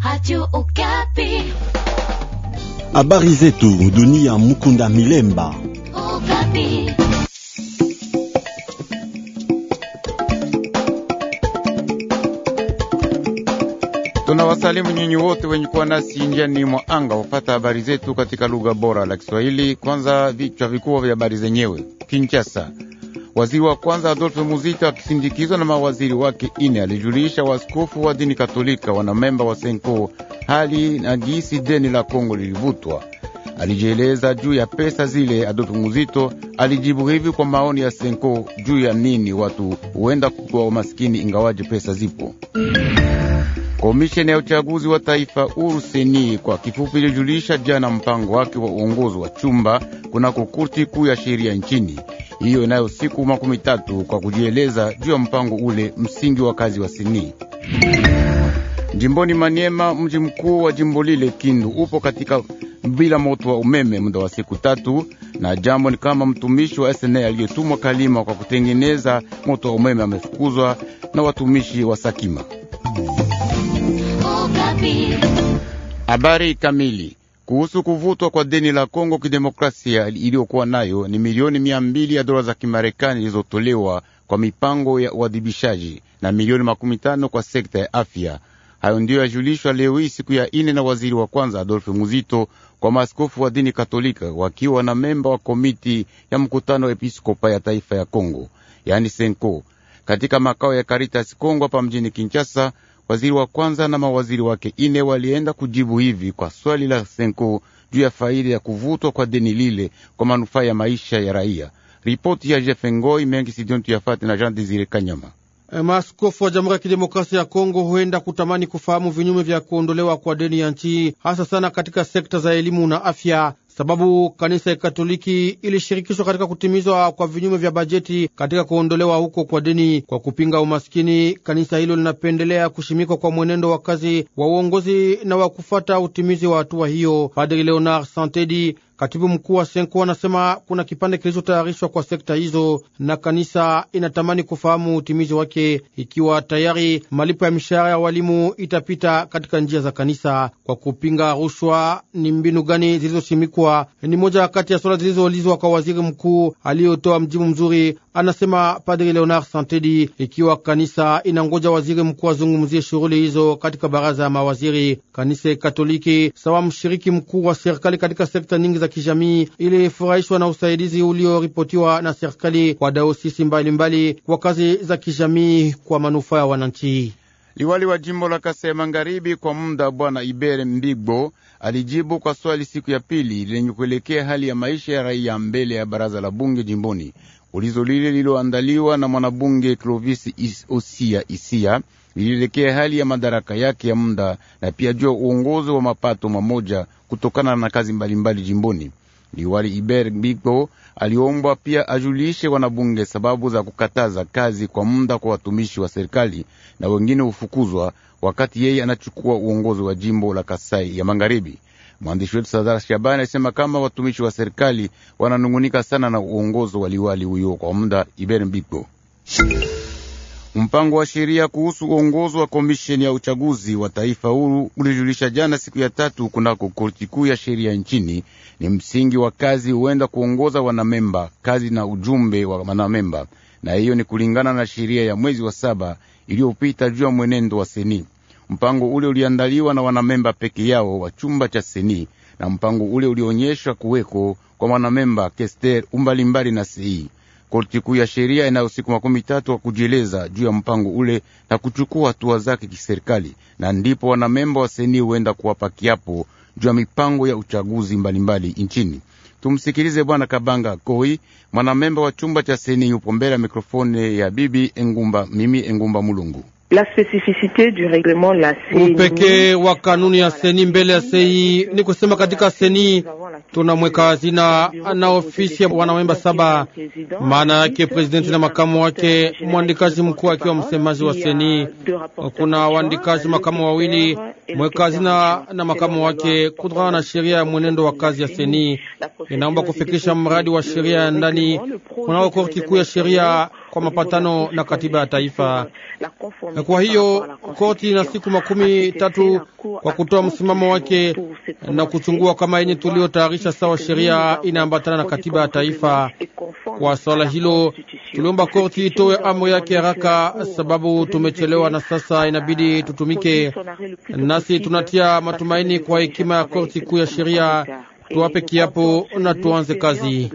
Radio Okapi. Habari zetu dunia, Mukunda Milemba. Okapi. wasalimu nyinyi wote wenye kuwa nasi njiani mwa anga hupata habari zetu katika lugha bora la Kiswahili. Kwanza vichwa vikubwa vya habari zenyewe. Kinshasa Waziri wa kwanza Adolfo Muzito akisindikizwa na mawaziri wake ine alijulisha waskofu wa dini Katolika wanamemba wa Senko hali na jinsi deni la Kongo lilivutwa. Alijieleza juu ya pesa zile. Adolfo Muzito alijibu hivi kwa maoni ya Senko juu ya nini watu huenda kukuwa umasikini ingawaje pesa zipo Komisheni ya uchaguzi wa taifa huru kwa kifupi ilijulisha jana mpango wake wa uongozi wa chumba kunako korti kuu ya sheria nchini, hiyo inayo siku makumi tatu kwa kujieleza juu ya mpango ule msingi wa kazi wa seni. Jimboni Maniema, mji mkuu wa jimbo lile Kindu upo katika bila moto wa umeme muda wa siku tatu, na jambo ni kama mtumishi wa SNA aliyetumwa Kalima kwa kutengeneza moto wa umeme amefukuzwa na watumishi wa Sakima. Habari kamili kuhusu kuvutwa kwa deni la Kongo kidemokrasia iliyokuwa nayo ni milioni mia mbili ya dola za Kimarekani zilizotolewa kwa mipango ya uadhibishaji na milioni makumi tano kwa sekta ya afya. Hayo ndiyo yajulishwa leo hii siku ya ine na waziri wa kwanza Adolfe Muzito kwa maaskofu wa dini Katolika wakiwa na memba wa komiti ya mkutano wa episkopa ya taifa ya Kongo yaani Senko katika makao ya Karitas Kongo hapa mjini Kinshasa Waziri wa kwanza na mawaziri wake ine walienda kujibu hivi kwa swali la Senko juu ya faida ya kuvutwa kwa deni lile kwa manufaa ya maisha ya raia. Ripoti ya Jeff Ngoi mengi sidontu yafate na Jean Desire Kanyama. Eh, maaskofu wa Jamhuri ya Kidemokrasia ya Kongo huenda kutamani kufahamu vinyume vya kuondolewa kwa deni ya nchi, hasa sana katika sekta za elimu na afya sababu kanisa ya Katoliki ilishirikishwa katika kutimizwa kwa vinyume vya bajeti katika kuondolewa huko kwa deni. Kwa kupinga umaskini, kanisa hilo linapendelea kushimikwa kwa mwenendo wa kazi wa uongozi na wa kufata utimizi wa hatua hiyo. Padri Leonard Santedi katibu mkuu wa Senko anasema kuna kipande kilichotayarishwa kwa sekta hizo, na kanisa inatamani kufahamu utimizi wake, ikiwa tayari malipo ya mishahara ya walimu itapita katika njia za kanisa. Kwa kupinga rushwa, ni mbinu gani zilizosimikwa kufunguliwa ni moja kati ya swala zilizoulizwa kwa waziri mkuu aliyotoa mjibu mzuri, anasema Padri Leonard Santedi, ikiwa kanisa inangoja waziri mkuu azungumzie shughuli hizo katika baraza ya mawaziri. Kanisa Katoliki sawa mshiriki mkuu wa serikali katika sekta nyingi za kijamii ilifurahishwa na usaidizi ulioripotiwa na serikali kwa daosisi mbalimbali kwa kazi za kijamii kwa manufaa ya wananchi. Liwali wa jimbo la Kasai Magharibi kwa muda Bwana Ibere Mbigbo alijibu kwa swali siku ya pili lenye kuelekea hali ya maisha ya raia mbele ya baraza la bunge jimboni. Ulizo lile lililoandaliwa na mwanabunge Clovis Osia Isia lilielekea hali ya madaraka yake ya muda na pia juu ya uongozi wa mapato mamoja kutokana na kazi mbalimbali mbali jimboni. Liwali Iber Mbiko aliombwa pia ajulishe wanabunge sababu za kukataza kazi kwa muda kwa watumishi wa serikali na wengine hufukuzwa wakati yeye anachukua uongozi wa jimbo la Kasai ya Magharibi. Mwandishi wetu Sadara Shabani alisema kama watumishi wa serikali wananungunika sana na uongozi wa liwali huyo kwa muda Iber Mbiko. Mpango wa sheria kuhusu uongozo wa komisheni ya uchaguzi wa taifa huru ulijulisha jana siku ya tatu kunako korti kuu ya sheria nchini. Ni msingi wa kazi huenda kuongoza wanamemba kazi na ujumbe wa wanamemba, na hiyo ni kulingana na sheria ya mwezi wa saba iliyopita juu ya mwenendo wa seni. Mpango ule uliandaliwa na wanamemba peke yao wa chumba cha seni, na mpango ule ulionyesha kuweko kwa mwanamemba kester umbalimbali na sei Korti kuu ya sheria inayo siku makumi tatu wa kujieleza juu ya mpango ule na kuchukua hatua zake kiserikali, na ndipo wanamemba wa seni huenda kuwapa kiapo juu ya mipango ya uchaguzi mbalimbali mbali nchini. Tumsikilize Bwana Kabanga Koi, mwanamemba wa chumba cha seni, yupo mbele ya mikrofoni ya Bibi Engumba, mimi Engumba Mulungu. La spécificité du règlement la CENI. Upekee wa kanuni ya CENI mbele ya CEI ni kusema katika CENI tunamweka hazina na ofisi ya wanamemba saba, maana yake presidenti na makamu wake, mwandikaji mkuu akiwa msemaji wa CENI. Kuna waandikaji makamu wawili, mweka hazina na makamu wake, kutokana na sheria ya mwenendo wa kazi ya CENI. Inaomba kufikisha mradi wa sheria ya ndani kunao korti kuu ya sheria kwa mapatano na katiba ya taifa. Kwa hiyo koti ina siku makumi tatu kwa kutoa msimamo wake na kuchungua kama yenye tuliyotayarisha sawa sheria inaambatana na katiba ya taifa. Kwa swala hilo tuliomba korti itoe amri yake haraka, sababu tumechelewa na sasa ah, inabidi tutumike. Nasi tunatia matumaini kwa hekima ya korti kuu ya sheria. Tuwape kiapo na tuanze kazi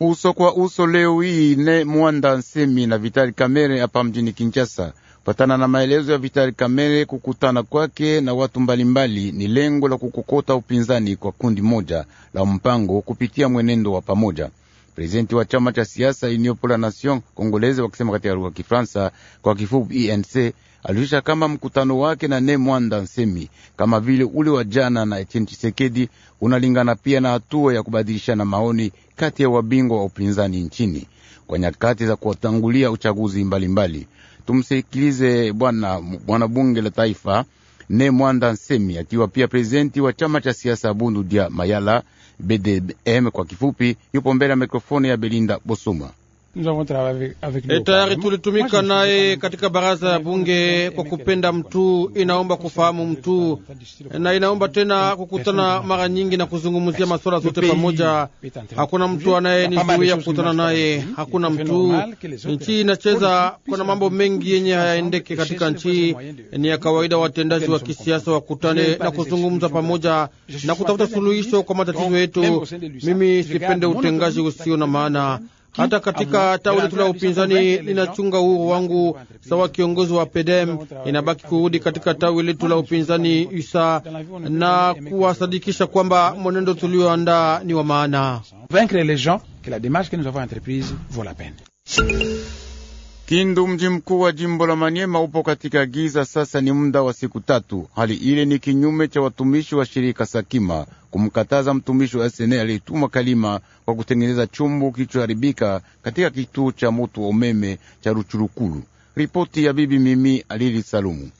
uso kwa uso leo hii ne Mwanda Nsemi na Vitali Kamere hapa mjini Kinshasa. Patana na maelezo ya Vitali Kamere, kukutana kwake na watu mbalimbali ni lengo la kukokota upinzani kwa kundi moja la mpango kupitia mwenendo wa pamoja. Prezidenti wa chama cha siasa Union pour la Nation Kongoleze wakisema katika lugha ya Kifransa, kwa kifupi INC e alijulisha kama mkutano wake na Ne Mwanda Nsemi kama vile ule wa jana na Etienne Chisekedi unalingana pia na hatua ya kubadilishana maoni kati ya wabingwa wa upinzani nchini kwa nyakati za kuwatangulia uchaguzi mbalimbali. Tumsikilize bwana bwana bunge la taifa Ne Mwanda Nsemi akiwa pia prezidenti wa chama cha siasa Bundu dia Mayala BDM kwa kifupi, yupo mbele ya mikrofoni ya Belinda Bosuma. E, tayari tulitumika naye katika baraza ya bunge. Kwa kupenda mtu inaomba kufahamu mtu na inaomba tena kukutana mara nyingi na kuzungumzia masuala zote pamoja. Hakuna mtu anayenizuia kukutana naye, hakuna mtu. Nchi inacheza, kuna mambo mengi yenye hayaendeke katika nchi. Ni ya kawaida watendaji wa kisiasa wakutane na kuzungumza pamoja na kutafuta suluhisho kwa matatizo yetu. Mimi sipende utengaji usio na maana. Hata katika tawi la upinzani linachunga uhuru wangu sawa kiongozi wa PEDEM, inabaki kurudi katika tawi letu la upinzani USA na kuwasadikisha kwamba mwenendo tulioandaa ni wa maana. Kindu, mji mkuu wa jimbo la Manyema, upo katika giza sasa, ni muda wa siku tatu. Hali ile ni kinyume cha watumishi wa shirika Sakima kumkataza mtumishi wa SNL aliyetumwa Kalima kwa kutengeneza chumbu kilichoharibika katika kituo cha moto wa umeme cha Ruchurukulu. Ripoti ya bibi Mimi Alili Salumu.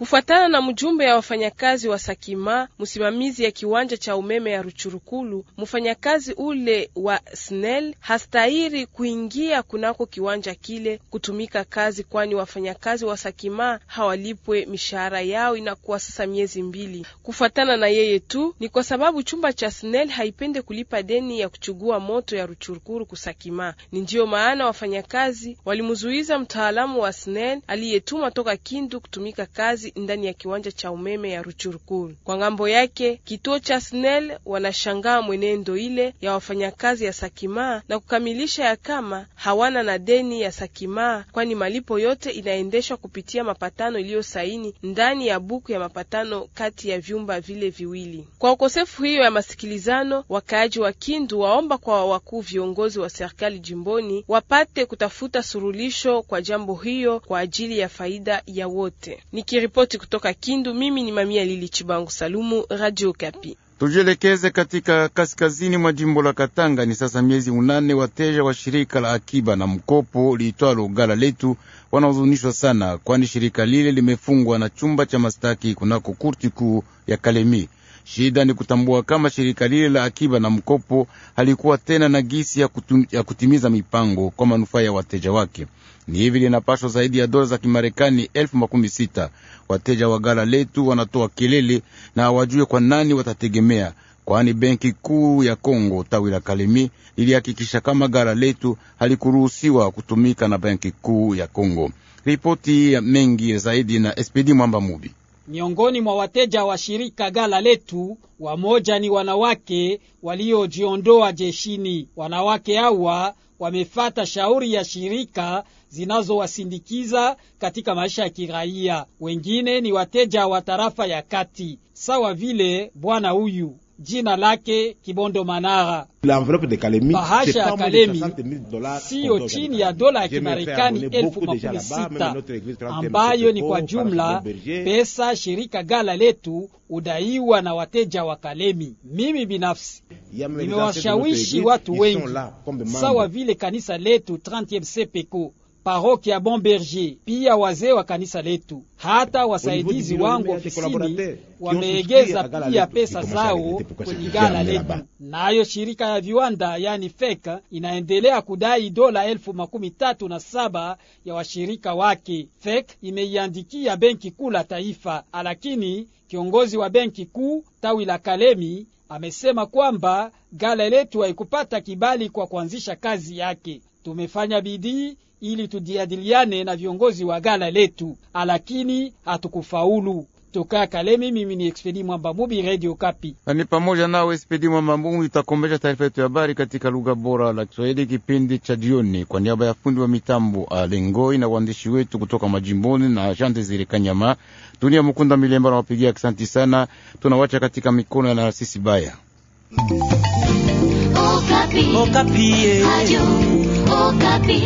Kufuatana na mjumbe ya wafanyakazi wa Sakima, msimamizi ya kiwanja cha umeme ya Ruchurukulu, mfanyakazi ule wa SNEL hastahiri kuingia kunako kiwanja kile kutumika kazi, kwani wafanyakazi wa Sakima hawalipwe mishahara yao, inakuwa sasa miezi mbili. Kufuatana na yeye tu ni kwa sababu chumba cha SNEL haipende kulipa deni ya kuchugua moto ya Ruchurukuru kusakima. Ni ndiyo maana wafanyakazi walimzuiza mtaalamu wa SNEL aliyetumwa toka Kindu kutumika kazi kazi ndani ya kiwanja cha umeme ya Ruchurukuru. Kwa ngambo yake, kituo cha SNEL wanashangaa mwenendo ile ya wafanyakazi ya Sakima na kukamilisha ya kama hawana na deni ya Sakima, kwani malipo yote inaendeshwa kupitia mapatano iliyosaini ndani ya buku ya mapatano kati ya vyumba vile viwili. Kwa ukosefu hiyo ya masikilizano, wakaaji wa Kindu waomba kwa wakuu viongozi wa serikali jimboni wapate kutafuta surulisho kwa jambo hiyo kwa ajili ya faida ya wote. Nikiripo Nikiripoti kutoka Kindu, mimi ni Mamia Lili Chibangu Salumu, Radio Kapi. Tujielekeze katika kaskazini mwa jimbo la Katanga. Ni sasa miezi unane wateja wa shirika la akiba na mkopo liitwalo Gala Letu wanahuzunishwa sana, kwani shirika lile limefungwa na chumba cha mastaki kunako kurti kuu ya Kalemi. Shida ni kutambua kama shirika lile la akiba na mkopo halikuwa tena na gisi ya, kutum, ya kutimiza mipango kwa manufaa ya wateja wake ni hivi linapashwa zaidi ya dola za Kimarekani elfu makumi sita. Wateja wa gala letu wanatoa kelele na hawajue kwa nani watategemea, kwani benki kuu ya Kongo tawi la Kalemi lilihakikisha kama gala letu halikuruhusiwa kutumika na benki kuu ya Kongo. Ripoti mengi zaidi na SPD Mwamba Mubi. Miongoni mwa wateja wa shirika gala letu, wamoja ni wanawake waliojiondoa jeshini. Wanawake hawa wamefata shauri ya shirika zinazowasindikiza katika maisha ya kiraia. Wengine ni wateja wa tarafa ya kati, sawa vile bwana huyu jina lake Kibondo Manara. Bahasha ya Kalemi siyo chini ya dola ya Kimarekani elfu makumi sita ambayo ni kwa jumla pesa shirika gala letu udaiwa na wateja wa Kalemi. Mimi binafsi nimewashawishi watu wengi sawa vile kanisa letu 30 CPECO paroki ya Bon Berger, pia wazee wa kanisa letu, hata wasaidizi wangu ofisini wameegeza pia pesa zao kwenye gala letu. Nayo shirika ya viwanda yani fek inaendelea kudai dola elfu makumi tatu na saba ya washirika wake. Fek imeiandikia benki kuu la taifa, lakini kiongozi wa benki kuu tawi la Kalemi amesema kwamba gala letu haikupata kibali kwa kuanzisha kazi yake. Tumefanya bidii ili tudiadiliane na viongozi wa gala letu, alakini hatukufaulu. Toka Kalemi, mimi ni Expedi Mwamba Mubi, Radio Kapi. Ni pamoja nawe Expedi Mwamba Mubi itakombesha taarifa yetu ya habari katika lugha bora la Kiswahili kipindi cha jioni, kwa niaba ya fundi wa mitambo Alengoi na waandishi wetu kutoka majimboni na Shante Zile Kanyama, dunia Mukunda Milemba na wapigia asanti sana. Tunawacha katika mikono ya narasisi baya Okapi. Oh, Okapi. Oh, eh. Okapi.